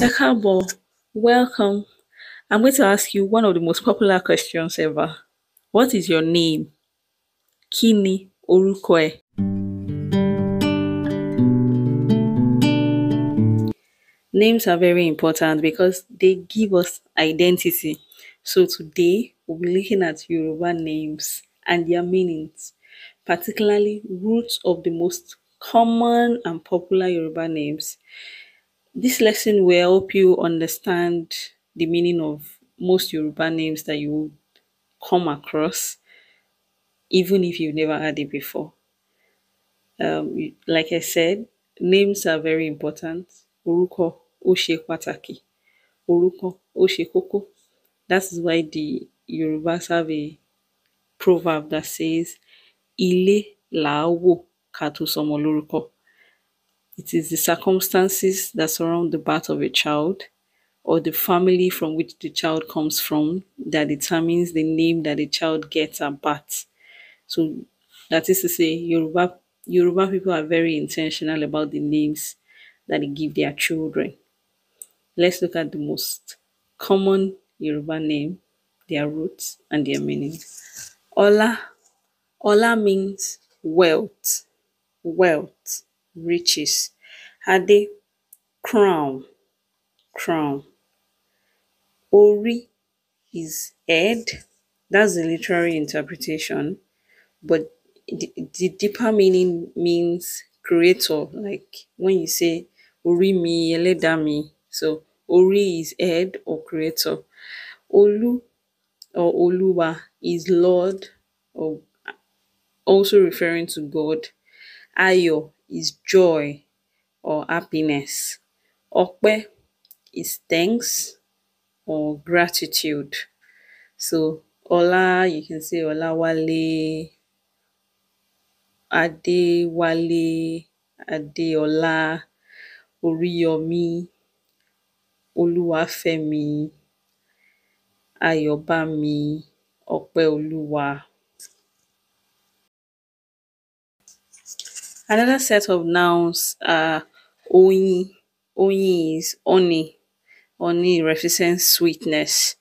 Ekabo, welcome. I'm going to ask you one of the most popular questions ever. What is your name? Kini Orukwe. Names are very important because they give us identity. So today we'll be looking at Yoruba names and their meanings, particularly roots of the most common and popular Yoruba names. This lesson will help you understand the meaning of most Yoruba names that you will come across, even if you've never heard it before. Um, like I said, names are very important. Uruko ó ṣe uruko Orúkọ kókó. That is why the Yorubas have a proverb that says, Ilé làá wò ká it is the circumstances that surround the birth of a child or the family from which the child comes from that determines the name that the child gets at birth. So that is to say, Yoruba, Yoruba people are very intentional about the names that they give their children. Let's look at the most common Yoruba name, their roots, and their meaning. Ola, Ola means wealth, wealth riches. Adé crown, crown. Ori is head. That's the literary interpretation. But the, the deeper meaning means creator. Like when you say Ori mi, eleda mi. So Ori is head or creator. Olu or Oluwa is Lord or also referring to God. Ayo is joy or happiness. Ọpẹ́ is thanks or gratitude. So Ọlá, you can say ola wale ade ola Oríyọmí, Olúwafẹ́mi, Ayọ̀bámi, Ọpẹ́olúwa. Another set of nouns are "oyin" (oyin is only, honey represents sweetness),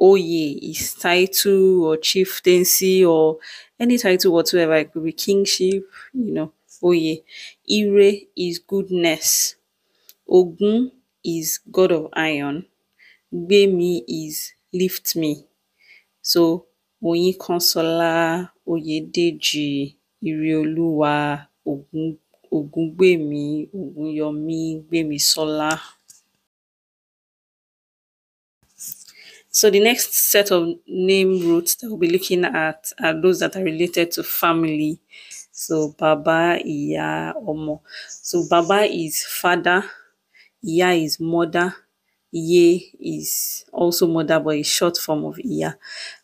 "oyè" is title or chieftaincy or any title whatsoever. It could be kingship, you know, oyè. "Ire" is goodness. Ògún is god of iron. Gbé is lift me. So, consola, oye Oyedeji ireolúwà ògúngbẹmí ògúnyọmí gbémisọlá So the next set of name roots that we'll be looking at are those that are related to family. So Baba, Iya, Omo. So Baba is father, Iya is mother, Ye is also mother, but a short form of Iya.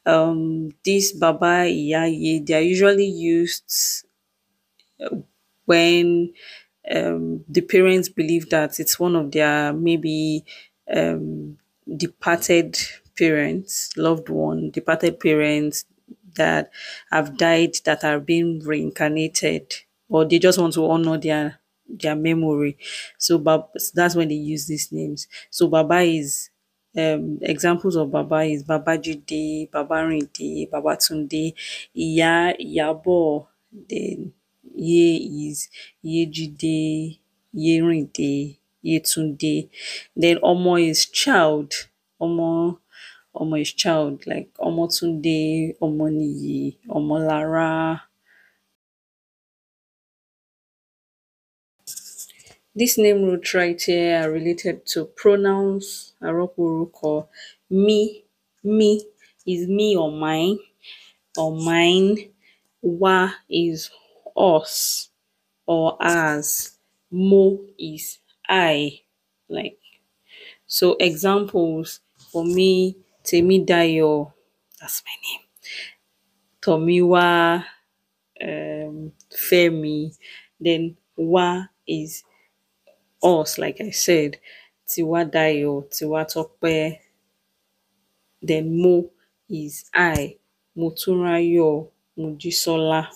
Um, this Baba, Iya, Ye, they are usually used uh, when um, the parents believe that it's one of their maybe um, departed parents, loved one, departed parents that have died that are being reincarnated, or they just want to honor their their memory. So Bab, that's when they use these names. So Baba is um, examples of Baba is Baba Jide, Baba Rinde, Baba Tunde, Iya, Yabo, then Ye is Ye Jide, Ye Rinde, Ye Tunde. Then Omo is child. Omo Omo is child, like Omo Tunde, Omo Niyi, Omo Lara, This name root right here are related to pronouns Aroporúkọ. Me, me is me or mine or mine. Wa is us or as. Mo is I. Like so examples for me, Temidayo, that's my name. Tomiwa, um, Femi, then Wa is us, like I said, Tiwadayo, Tiwatope, then Mo is I, Moturayo, Mujisola.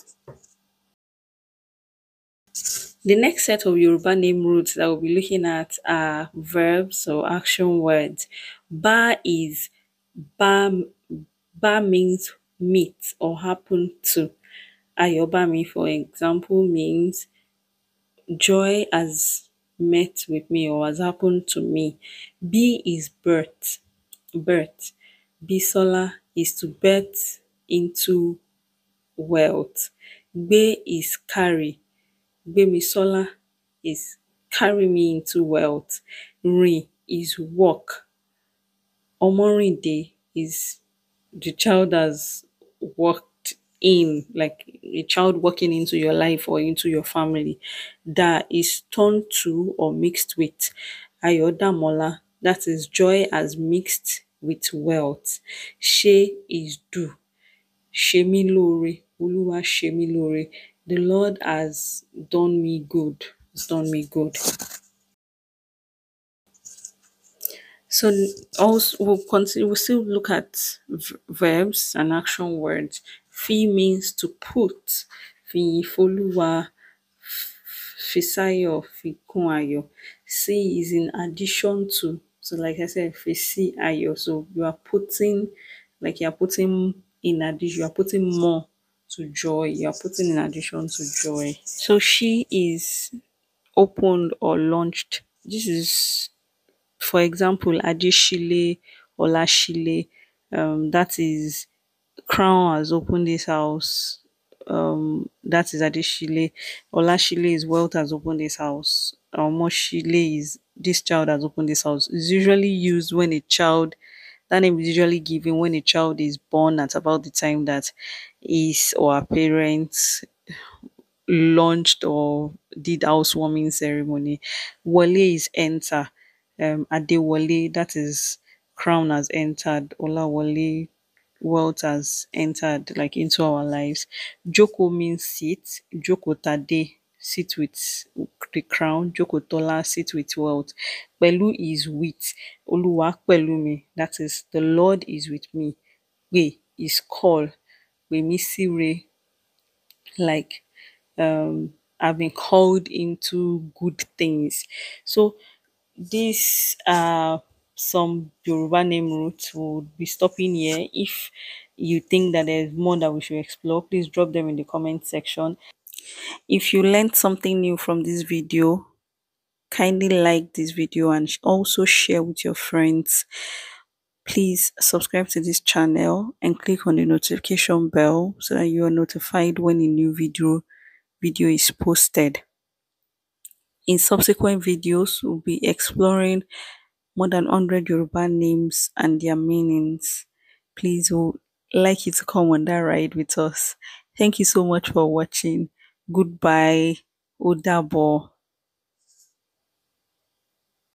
The next set of Yoruba name roots that we'll be looking at are verbs or action words. Ba is ba, ba means meet or happen to. Ayobami, for example, means joy as met with me or has happened to me. B is birth. Birth. Bisola is to birth into wealth. B is carry. Gbemisola is carry me into wealth. R is walk. day is the child has walked in, like a child walking into your life or into your family, that is turned to or mixed with Ayodamola, that is joy as mixed with wealth. She is do. Shemi lori Uluwa Shemi lori. The Lord has done me good. It's done me good. So also we'll continue. We'll still look at verbs and action words. Fi means to put. Fi foluwa, Fisayo, Fikunayo. Si is in addition to. So like I said, Fisi Ayo. So you are putting, like you are putting in addition, you are putting more to joy. You are putting in addition to joy. So she is opened or launched. This is, for example, Adishile, Olashile. Um, that is Crown has opened this house. Um, that is Olá Olashile is wealth has opened this house. Omoshile is this child has opened this house. It's usually used when a child that name is usually given when a child is born at about the time that his or her parents launched or did housewarming ceremony. Wale is enter. Um Adewale, that is crown has entered. Ola Wale wealth has entered like into our lives. Joko means sit. Joko Tade, sit with the crown. Joko Tola, sit with wealth. Pelu is with. Oluwa Pelumi, that is, the Lord is with me. We is call. We misire, like, um, I've been called into good things. So these Uh, some Yoruba name roots. We'll be stopping here. If you think that there's more that we should explore, please drop them in the comment section. If you learned something new from this video, kindly like this video and also share with your friends. Please subscribe to this channel and click on the notification bell so that you are notified when a new video video is posted. In subsequent videos, we'll be exploring more than 100 Yoruba names and their meanings. Please, would like you to come on that ride with us. Thank you so much for watching. Goodbye. Odabo.